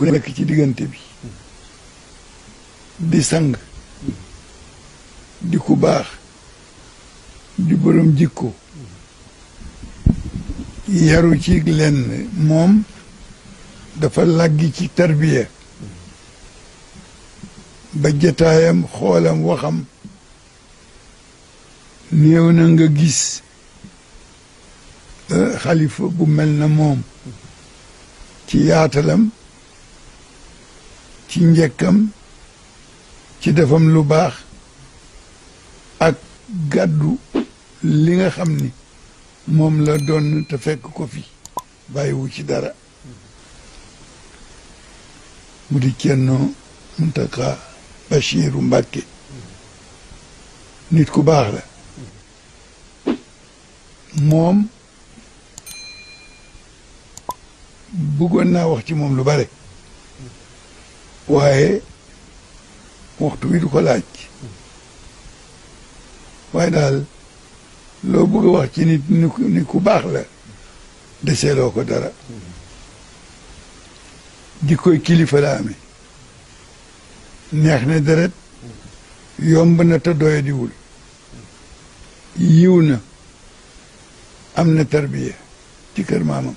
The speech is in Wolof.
ku nekk ci diggante bi di sang di ku baax di borom jikko yaru ci lenn moom dafa laggi ci tarbiya ba jataayam xoolam waxam néew na nga gis eh, xalifa bu mel na moom ci yaatalam ci njëkkam ci defam lu baax ak gàddu li nga xam ni moom la doon te fekk ko fi bàyyiwu ci dara mu di Ceerno Muntaxa Bachiru mbake nit ku baax la moom buggoon na wax ci moom lu bare waaye waxtu wi du ko laaj waaye daal loo bëgg a wax ci nit ni ku baax la deseeloo ko dara koy kilifa la amee neex na deret yomb na te doyadiwul yiw na am na tarbiya ci kër maamam